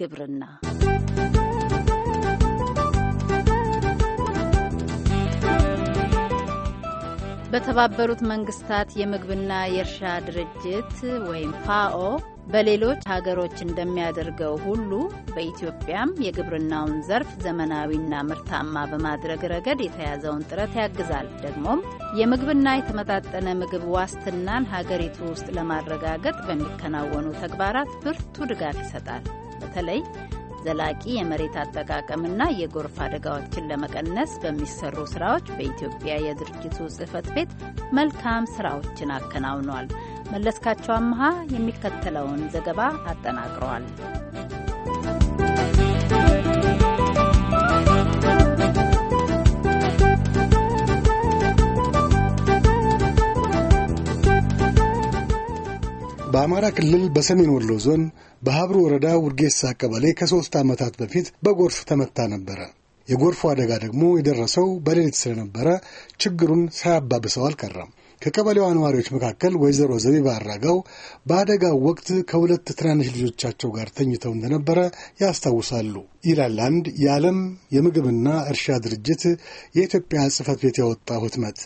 ግብርና በተባበሩት መንግስታት የምግብና የእርሻ ድርጅት ወይም ፋኦ በሌሎች ሀገሮች እንደሚያደርገው ሁሉ በኢትዮጵያም የግብርናውን ዘርፍ ዘመናዊና ምርታማ በማድረግ ረገድ የተያዘውን ጥረት ያግዛል። ደግሞም የምግብና የተመጣጠነ ምግብ ዋስትናን ሀገሪቱ ውስጥ ለማረጋገጥ በሚከናወኑ ተግባራት ብርቱ ድጋፍ ይሰጣል። በተለይ ዘላቂ የመሬት አጠቃቀምና የጎርፍ አደጋዎችን ለመቀነስ በሚሰሩ ስራዎች በኢትዮጵያ የድርጅቱ ጽህፈት ቤት መልካም ስራዎችን አከናውኗል። መለስካቸው አምሃ የሚከተለውን ዘገባ አጠናቅረዋል። በአማራ ክልል በሰሜን ወሎ ዞን በሀብሩ ወረዳ ውርጌሳ ቀበሌ ከሦስት ዓመታት በፊት በጎርፍ ተመታ ነበረ። የጎርፉ አደጋ ደግሞ የደረሰው በሌሊት ስለነበረ ችግሩን ሳያባብሰው አልቀረም። ከቀበሌዋ ነዋሪዎች መካከል ወይዘሮ ዘቢባ አራጋው በአደጋው ወቅት ከሁለት ትናንሽ ልጆቻቸው ጋር ተኝተው እንደነበረ ያስታውሳሉ ይላል አንድ የዓለም የምግብና እርሻ ድርጅት የኢትዮጵያ ጽህፈት ቤት ያወጣው ህትመት።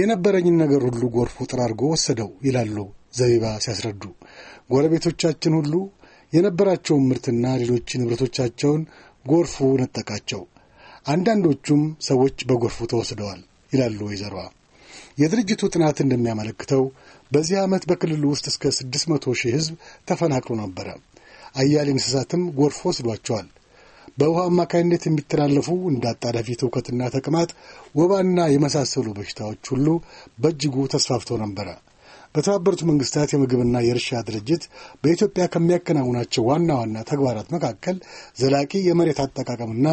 የነበረኝን ነገር ሁሉ ጎርፉ ጥራርጎ ወሰደው ይላሉ ዘቢባ ሲያስረዱ ጎረቤቶቻችን ሁሉ የነበራቸውን ምርትና ሌሎች ንብረቶቻቸውን ጎርፉ ነጠቃቸው። አንዳንዶቹም ሰዎች በጎርፉ ተወስደዋል ይላሉ ወይዘሮዋ። የድርጅቱ ጥናት እንደሚያመለክተው በዚህ ዓመት በክልሉ ውስጥ እስከ ስድስት መቶ ሺህ ሕዝብ ተፈናቅሎ ነበረ። አያሌ እንስሳትም ጎርፍ ወስዷቸዋል። በውሃ አማካይነት የሚተላለፉ እንደ አጣዳፊ ትውከትና ተቅማጥ፣ ወባና የመሳሰሉ በሽታዎች ሁሉ በእጅጉ ተስፋፍተው ነበረ። በተባበሩት መንግስታት የምግብና የእርሻ ድርጅት በኢትዮጵያ ከሚያከናውናቸው ዋና ዋና ተግባራት መካከል ዘላቂ የመሬት አጠቃቀምና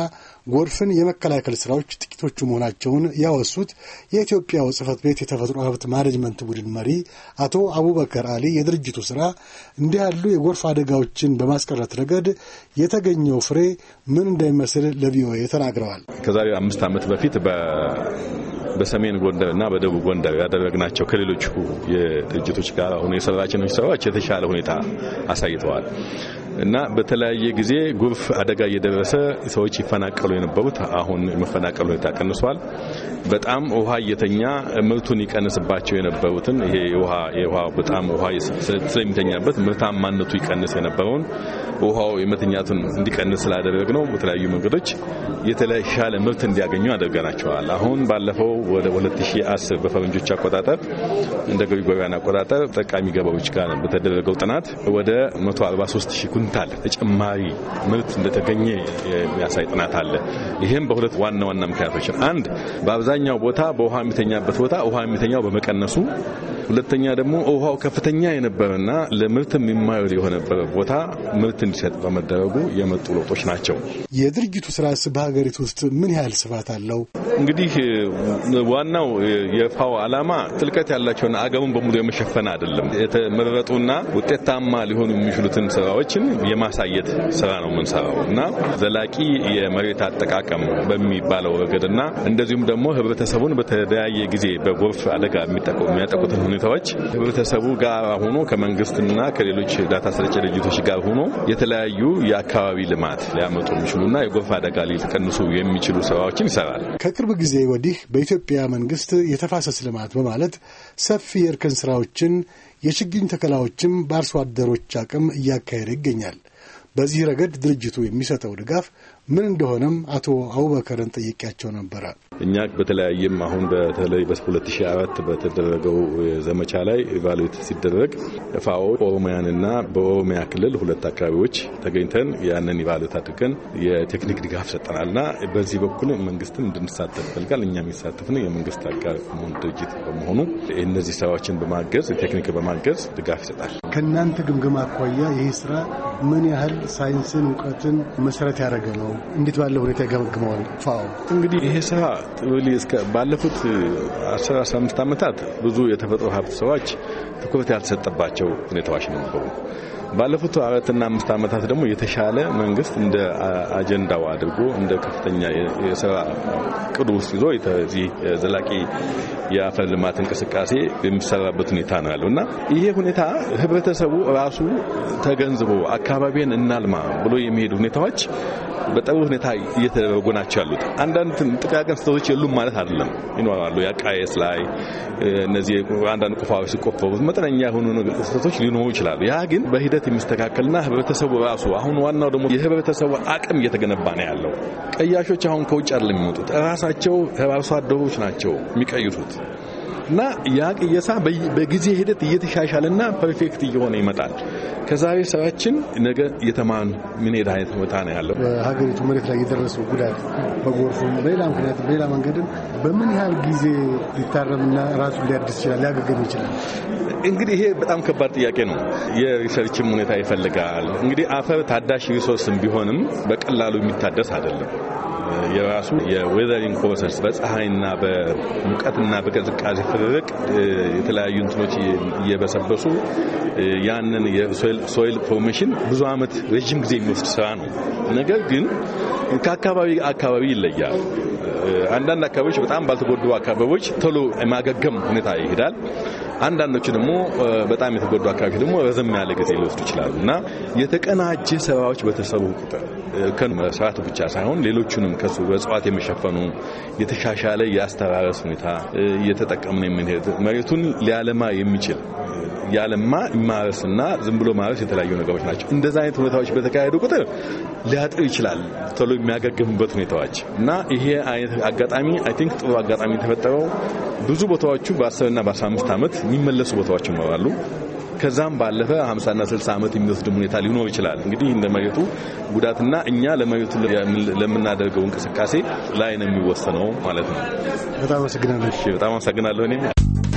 ጎርፍን የመከላከል ስራዎች ጥቂቶቹ መሆናቸውን ያወሱት የኢትዮጵያው ጽህፈት ቤት የተፈጥሮ ሀብት ማኔጅመንት ቡድን መሪ አቶ አቡበከር አሊ የድርጅቱ ስራ እንዲህ ያሉ የጎርፍ አደጋዎችን በማስቀረት ረገድ የተገኘው ፍሬ ምን እንደሚመስል ለቪኦኤ ተናግረዋል። ከዛሬ አምስት ዓመት በፊት በሰሜን ጎንደር እና በደቡብ ጎንደር ያደረግናቸው ከሌሎቹ የድርጅቶች ጋር ሆኖ የሰራችን ስራዎች የተሻለ ሁኔታ አሳይተዋል። እና በተለያየ ጊዜ ጎርፍ አደጋ እየደረሰ ሰዎች ይፈናቀሉ የነበሩት አሁን የመፈናቀል ሁኔታ ቀንሷል። በጣም ውሃ እየተኛ ምርቱን ይቀንስባቸው የነበሩትን ይሄ ውሃ የውሃ በጣም ውሃ ስለሚተኛበት ምርታማነቱ ይቀንስ የነበረውን ውሃው የመተኛቱን እንዲቀንስ ስላደረግ ነው በተለያዩ መንገዶች የተሻለ ምርት እንዲያገኙ አድርገናቸዋል። አሁን ባለፈው ወደ 2010 በፈረንጆች አቆጣጠር እንደ ገቢ ገበያን አቆጣጠር ጠቃሚ ገበሬዎች ጋር በተደረገው ጥናት ወደ 143 ሺህ ግኝት ተጨማሪ ምርት እንደተገኘ የሚያሳይ ጥናት አለ። ይህም በሁለት ዋና ዋና ምክንያቶች አንድ፣ በአብዛኛው ቦታ በውሃ የሚተኛበት ቦታ ውሃ የሚተኛው በመቀነሱ ሁለተኛ ደግሞ ውሃው ከፍተኛ የነበረና ለምርት የሚማይል የሆነበረ ቦታ ምርት እንዲሰጥ በመደረጉ የመጡ ለውጦች ናቸው። የድርጅቱ ስራስ በሀገሪቱ ውስጥ ምን ያህል ስፋት አለው? እንግዲህ ዋናው የፋው ዓላማ ጥልቀት ያላቸውና አገሙን በሙሉ የመሸፈን አይደለም። የተመረጡና ውጤታማ ሊሆኑ የሚችሉትን ስራዎችን የማሳየት ስራ ነው የምንሰራው እና ዘላቂ የመሬት አጠቃቀም በሚባለው ረገድና እንደዚሁም ደግሞ ህብረተሰቡን በተለያየ ጊዜ በጎርፍ አደጋ የሚያጠቁትን ሁኔታዎች ህብረተሰቡ ጋር ሆኖ ከመንግስትና ከሌሎች ዳታ ሰጪ ድርጅቶች ጋር ሆኖ የተለያዩ የአካባቢ ልማት ሊያመጡ የሚችሉና የጎርፍ አደጋ ሊቀንሱ የሚችሉ ስራዎችን ይሰራል። ከቅርብ ጊዜ ወዲህ በኢትዮጵያ መንግስት የተፋሰስ ልማት በማለት ሰፊ የእርከን ስራዎችን፣ የችግኝ ተከላዎችም በአርሶ አደሮች አቅም እያካሄደ ይገኛል። በዚህ ረገድ ድርጅቱ የሚሰጠው ድጋፍ ምን እንደሆነም አቶ አቡበከርን ጠይቄያቸው ነበራል። እኛ በተለያየም አሁን በተለይ በ 2004 በተደረገው ዘመቻ ላይ ኢቫሉዌት ሲደረግ ፋኦ ኦሮሚያንና በኦሮሚያ ክልል ሁለት አካባቢዎች ተገኝተን ያንን ኢቫሉዌት አድርገን የቴክኒክ ድጋፍ ሰጠናልና በዚህ በኩል መንግስትም እንድንሳተፍ ይፈልጋል። እኛ የሚሳተፍን የመንግስት አጋር መሆን ድርጅት በመሆኑ እነዚህ ስራዎችን በማገዝ ቴክኒክ በማገዝ ድጋፍ ይሰጣል። ከእናንተ ግምገማ አኳያ ይህ ስራ ምን ያህል ሳይንስን፣ እውቀትን መሰረት ያደረገ ነው? እንዴት ባለ ሁኔታ ይገመግመዋል? ፋው እንግዲህ ይሄ ስራ ባለፉት 15 ዓመታት ብዙ የተፈጥሮ ሀብት ሰዎች ትኩረት ያልተሰጠባቸው ሁኔታዎች ነበሩ። ባለፉት አራትና አምስት ዓመታት ደግሞ የተሻለ መንግስት እንደ አጀንዳው አድርጎ እንደ ከፍተኛ የስራ ቅዱ ውስጥ ይዞ የዚህ ዘላቂ የአፈር ልማት እንቅስቃሴ የሚሰራበት ሁኔታ ነው ያለው እና ይሄ ሁኔታ ህብረት ህብረተሰቡ ራሱ ተገንዝቦ አካባቢን እናልማ ብሎ የሚሄዱ ሁኔታዎች በጥሩ ሁኔታ እየተደረጉ ናቸው ያሉት። አንዳንድ ጥቃቅን ስህተቶች የሉም ማለት አይደለም፣ ይኖራሉ። የአቃየስ ላይ እነዚህ አንዳንድ ቁፋዎች ሲቆፈሩ መጠነኛ የሆኑ ስህተቶች ሊኖሩ ይችላሉ። ያ ግን በሂደት የሚስተካከልና ህብረተሰቡ ራሱ አሁን ዋናው ደግሞ የህብረተሰቡ አቅም እየተገነባ ነው ያለው። ቀያሾች አሁን ከውጭ አይደለም የሚመጡት፣ ራሳቸው ራሱ አደሮች ናቸው የሚቀይሱት። እና ያ ቅየሳ በጊዜ ሂደት እየተሻሻለና ፐርፌክት እየሆነ ይመጣል። ከዛሬ ስራችን ነገ የተማን ምን ሄድ አይነት ወጣ ነው ያለው። በሀገሪቱ መሬት ላይ የደረሰው ጉዳት በጎርፉ በሌላ ምክንያት በሌላ መንገድም በምን ያህል ጊዜ ሊታረምና ራሱ ሊያድስ ይችላል ሊያገገም ይችላል? እንግዲህ ይሄ በጣም ከባድ ጥያቄ ነው። የሪሰርችም ሁኔታ ይፈልጋል። እንግዲህ አፈር ታዳሽ ሪሶርስም ቢሆንም በቀላሉ የሚታደስ አይደለም። የራሱ የዌዘሪንግ ፕሮሰስ በፀሐይና በሙቀትና በቅዝቃዜ ፍርርቅ የተለያዩ እንትኖች እየበሰበሱ ያንን የሶይል ፎርሜሽን ብዙ ዓመት ረዥም ጊዜ የሚወስድ ስራ ነው። ነገር ግን ከአካባቢ አካባቢ ይለያል። አንዳንድ አካባቢዎች በጣም ባልተጎዱ አካባቢዎች ቶሎ የማገገም ሁኔታ ይሄዳል። አንዳንዶቹ ደግሞ በጣም የተጎዱ አካባቢዎች ደግሞ ረዘም ያለ ጊዜ ሊወስዱ ይችላሉ እና የተቀናጀ ስራዎች በተሰሩ ቁጥር ከመስራት ብቻ ሳይሆን ሌሎቹንም የመንከሱ በእጽዋት የመሸፈኑ የተሻሻለ የአስተራረስ ሁኔታ እየተጠቀምን የምንሄድ መሬቱን ሊያለማ የሚችል ያለማ ማረስና ዝም ብሎ ማረስ የተለያዩ ነገሮች ናቸው። እንደዚ አይነት ሁኔታዎች በተካሄዱ ቁጥር ሊያጥር ይችላል ቶሎ የሚያገግምበት ሁኔታዎች እና ይሄ አይነት አጋጣሚ አይ ቲንክ ጥሩ አጋጣሚ የተፈጠረው ብዙ ቦታዎቹ በ10 እና በ15 ዓመት የሚመለሱ ቦታዎች ይኖራሉ። ከዛም ባለፈ 50ና 60 ዓመት የሚወስድ ሁኔታ ሊኖር ይችላል። እንግዲህ እንደ መሬቱ ጉዳትና እኛ ለመሬቱ ለምናደርገው እንቅስቃሴ ላይ ነው የሚወሰነው ማለት ነው። በጣም አመሰግናለሁ። በጣም አመሰግናለሁ እኔ